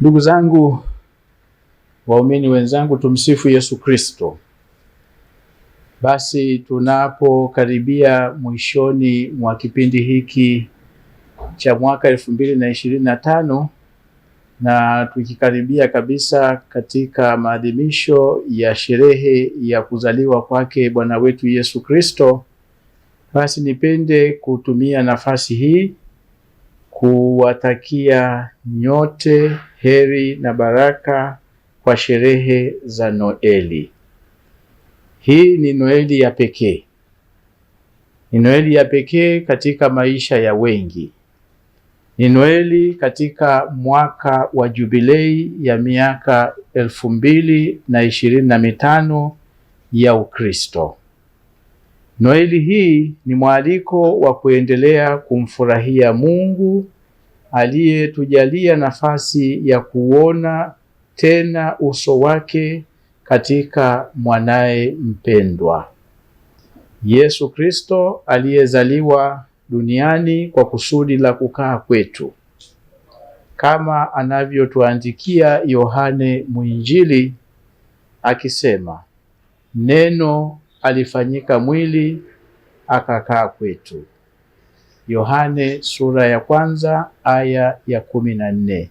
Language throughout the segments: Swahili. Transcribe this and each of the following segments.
Ndugu zangu waumini wenzangu, tumsifu Yesu Kristo. Basi tunapokaribia mwishoni mwa kipindi hiki cha mwaka elfu mbili na ishirini na tano na tukikaribia kabisa katika maadhimisho ya sherehe ya kuzaliwa kwake Bwana wetu Yesu Kristo, basi nipende kutumia nafasi hii kuwatakia nyote heri na baraka kwa sherehe za Noeli. Hii ni Noeli ya pekee, ni Noeli ya pekee katika maisha ya wengi, ni Noeli katika mwaka wa jubilei ya miaka elfu mbili na ishirini na mitano ya Ukristo. Noeli hii ni mwaliko wa kuendelea kumfurahia Mungu aliyetujalia nafasi ya kuona tena uso wake katika mwanaye mpendwa Yesu Kristo aliyezaliwa duniani kwa kusudi la kukaa kwetu, kama anavyotuandikia Yohane Mwinjili akisema, neno alifanyika mwili akakaa kwetu. Yohane sura ya kwanza aya ya kumi na nne.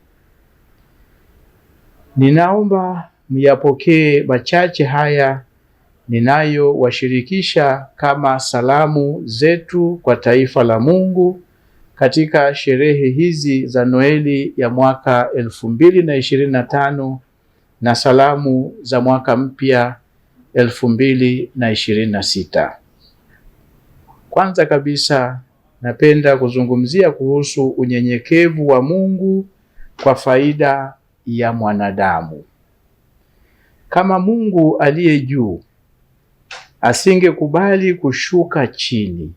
Ninaomba myapokee machache haya ninayowashirikisha kama salamu zetu kwa taifa la Mungu katika sherehe hizi za Noeli ya mwaka elfu mbili na ishirini na tano na salamu za mwaka mpya elfu mbili na ishirini na sita. Kwanza kabisa napenda kuzungumzia kuhusu unyenyekevu wa Mungu kwa faida ya mwanadamu. Kama Mungu aliye juu asingekubali kushuka chini,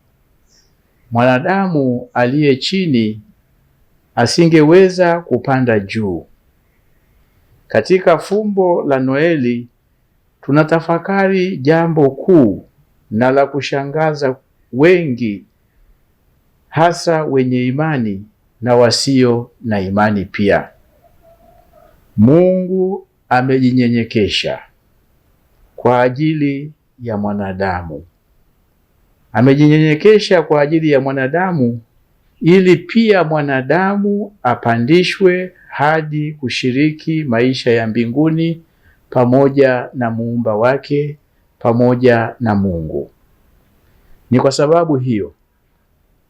mwanadamu aliye chini asingeweza kupanda juu. Katika fumbo la Noeli tunatafakari jambo kuu na la kushangaza wengi hasa wenye imani na wasio na imani pia. Mungu amejinyenyekesha kwa ajili ya mwanadamu, amejinyenyekesha kwa ajili ya mwanadamu ili pia mwanadamu apandishwe hadi kushiriki maisha ya mbinguni pamoja na muumba wake, pamoja na Mungu. Ni kwa sababu hiyo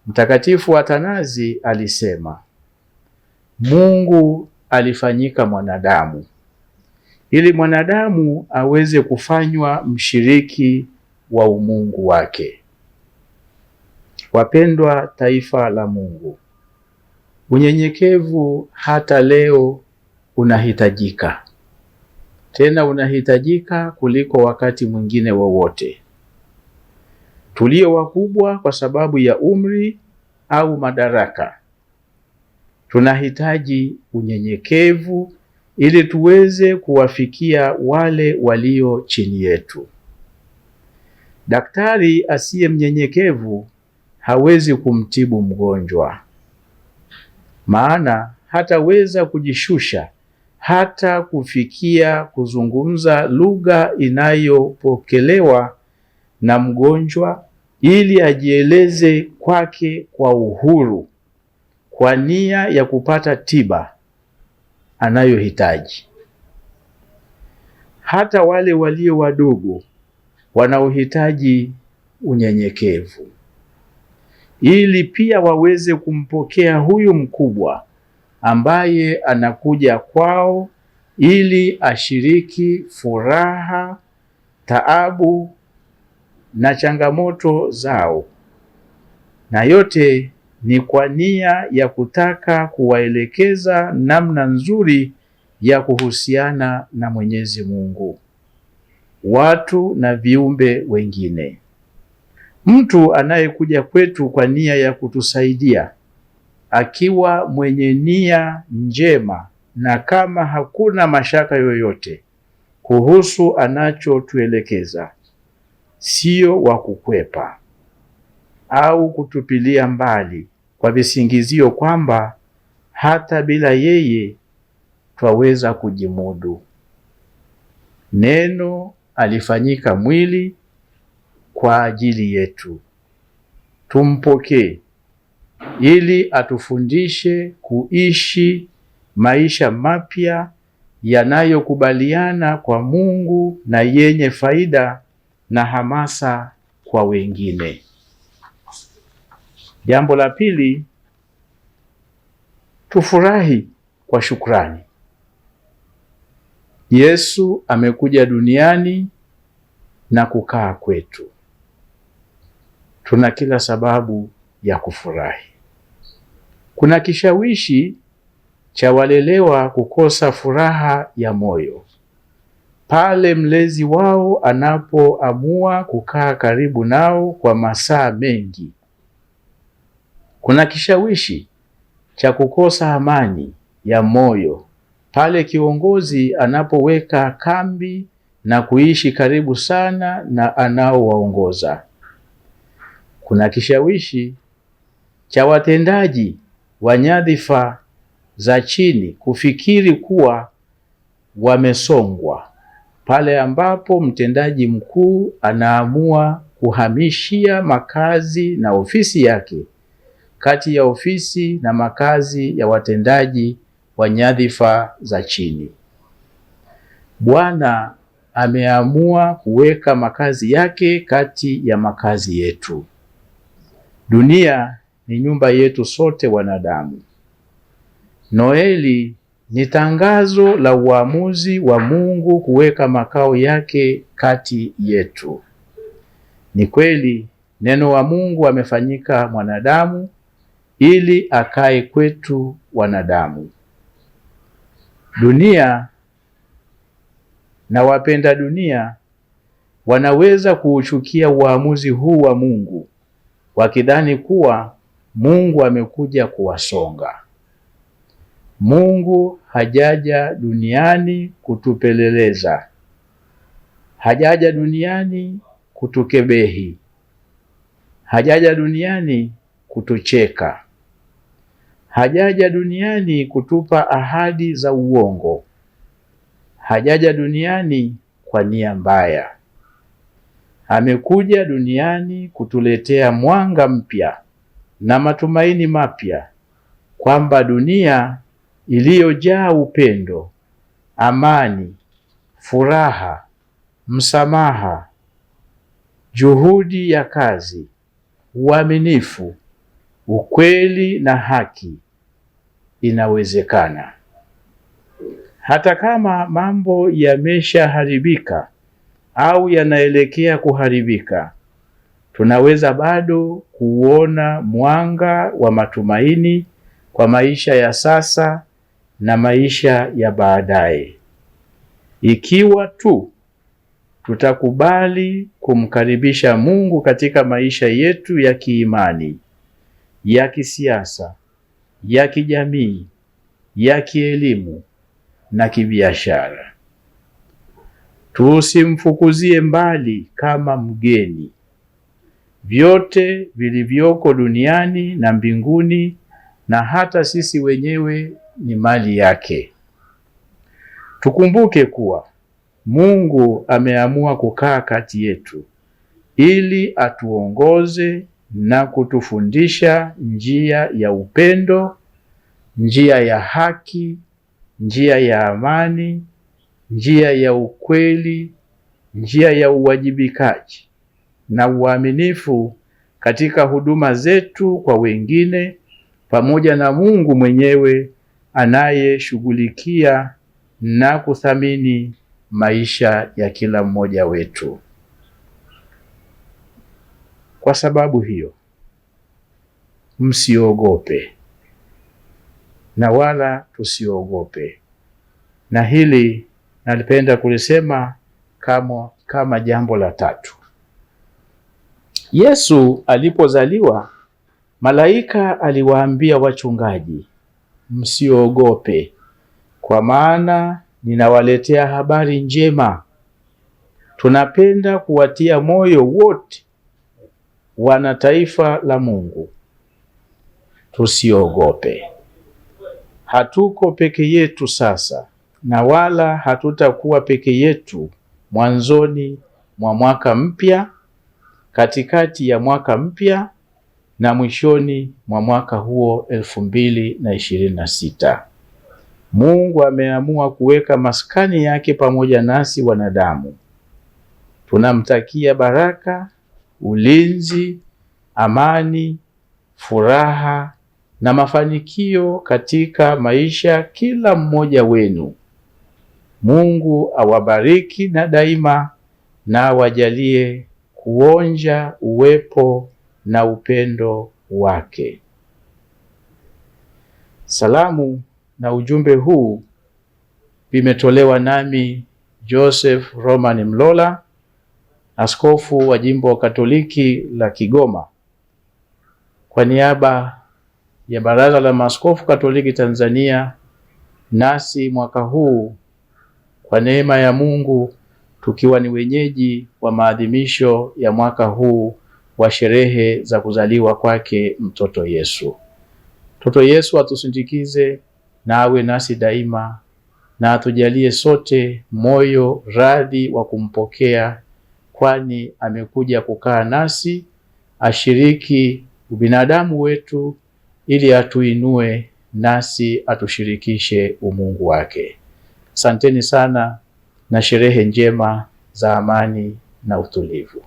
Mtakatifu Atanazi alisema, Mungu alifanyika mwanadamu ili mwanadamu aweze kufanywa mshiriki wa umungu wake. Wapendwa taifa la Mungu, unyenyekevu hata leo unahitajika, tena unahitajika kuliko wakati mwingine wowote tulio wakubwa kwa sababu ya umri au madaraka. Tunahitaji unyenyekevu ili tuweze kuwafikia wale walio chini yetu. Daktari asiye mnyenyekevu hawezi kumtibu mgonjwa, maana hataweza kujishusha hata kufikia kuzungumza lugha inayopokelewa na mgonjwa ili ajieleze kwake kwa uhuru kwa nia ya kupata tiba anayohitaji. Hata wale walio wadogo wanaohitaji unyenyekevu ili pia waweze kumpokea huyu mkubwa ambaye anakuja kwao ili ashiriki furaha, taabu na changamoto zao, na yote ni kwa nia ya kutaka kuwaelekeza namna nzuri ya kuhusiana na Mwenyezi Mungu, watu na viumbe wengine. Mtu anayekuja kwetu kwa nia ya kutusaidia akiwa mwenye nia njema na kama hakuna mashaka yoyote kuhusu anachotuelekeza sio wa kukwepa au kutupilia mbali kwa visingizio kwamba hata bila yeye twaweza kujimudu. Neno alifanyika mwili kwa ajili yetu, tumpokee ili atufundishe kuishi maisha mapya yanayokubaliana kwa Mungu na yenye faida na hamasa kwa wengine. Jambo la pili, tufurahi kwa shukrani. Yesu amekuja duniani na kukaa kwetu. Tuna kila sababu ya kufurahi. Kuna kishawishi cha walelewa kukosa furaha ya moyo pale mlezi wao anapoamua kukaa karibu nao kwa masaa mengi. Kuna kishawishi cha kukosa amani ya moyo pale kiongozi anapoweka kambi na kuishi karibu sana na anaowaongoza. Kuna kishawishi cha watendaji wa nyadhifa za chini kufikiri kuwa wamesongwa pale ambapo mtendaji mkuu anaamua kuhamishia makazi na ofisi yake kati ya ofisi na makazi ya watendaji wa nyadhifa za chini. Bwana ameamua kuweka makazi yake kati ya makazi yetu. Dunia ni nyumba yetu sote wanadamu. Noeli ni tangazo la uamuzi wa Mungu kuweka makao yake kati yetu. Ni kweli neno wa Mungu amefanyika mwanadamu ili akae kwetu wanadamu. Dunia na wapenda dunia wanaweza kuuchukia uamuzi huu wa Mungu wakidhani kuwa Mungu amekuja kuwasonga. Mungu hajaja duniani kutupeleleza, hajaja duniani kutukebehi, hajaja duniani kutucheka, hajaja duniani kutupa ahadi za uongo, hajaja duniani kwa nia mbaya. Amekuja duniani kutuletea mwanga mpya na matumaini mapya kwamba dunia iliyojaa upendo, amani, furaha, msamaha, juhudi ya kazi, uaminifu, ukweli na haki. Inawezekana hata kama mambo yameshaharibika au yanaelekea kuharibika, tunaweza bado kuona mwanga wa matumaini kwa maisha ya sasa na maisha ya baadaye ikiwa tu tutakubali kumkaribisha Mungu katika maisha yetu ya kiimani, ya kisiasa, ya kijamii, ya kielimu na kibiashara. Tusimfukuzie mbali kama mgeni. Vyote vilivyoko duniani na mbinguni na hata sisi wenyewe ni mali yake. Tukumbuke kuwa Mungu ameamua kukaa kati yetu ili atuongoze na kutufundisha njia ya upendo, njia ya haki, njia ya amani, njia ya ukweli, njia ya uwajibikaji na uaminifu katika huduma zetu kwa wengine pamoja na Mungu mwenyewe anayeshughulikia na kuthamini maisha ya kila mmoja wetu. Kwa sababu hiyo, msiogope na wala tusiogope, na hili nalipenda kulisema kama, kama jambo la tatu. Yesu alipozaliwa, malaika aliwaambia wachungaji msiogope, kwa maana ninawaletea habari njema. Tunapenda kuwatia moyo wote wana taifa la Mungu, tusiogope. Hatuko peke yetu sasa, na wala hatutakuwa peke yetu mwanzoni mwa mwaka mpya, katikati ya mwaka mpya na mwishoni mwa mwaka huo elfu mbili na ishirini na sita Mungu ameamua kuweka maskani yake pamoja nasi wanadamu. Tunamtakia baraka, ulinzi, amani, furaha na mafanikio katika maisha kila mmoja wenu. Mungu awabariki na daima na awajalie kuonja uwepo na upendo wake. Salamu na ujumbe huu vimetolewa nami Joseph Roman Mlola, askofu wa jimbo wa Katoliki la Kigoma, kwa niaba ya Baraza la Maaskofu Katoliki Tanzania. Nasi mwaka huu kwa neema ya Mungu tukiwa ni wenyeji wa maadhimisho ya mwaka huu wa sherehe za kuzaliwa kwake mtoto Yesu. Mtoto Yesu atusindikize na awe nasi daima na atujalie sote moyo radhi wa kumpokea, kwani amekuja kukaa nasi, ashiriki ubinadamu wetu ili atuinue nasi atushirikishe umungu wake. Asanteni sana na sherehe njema za amani na utulivu.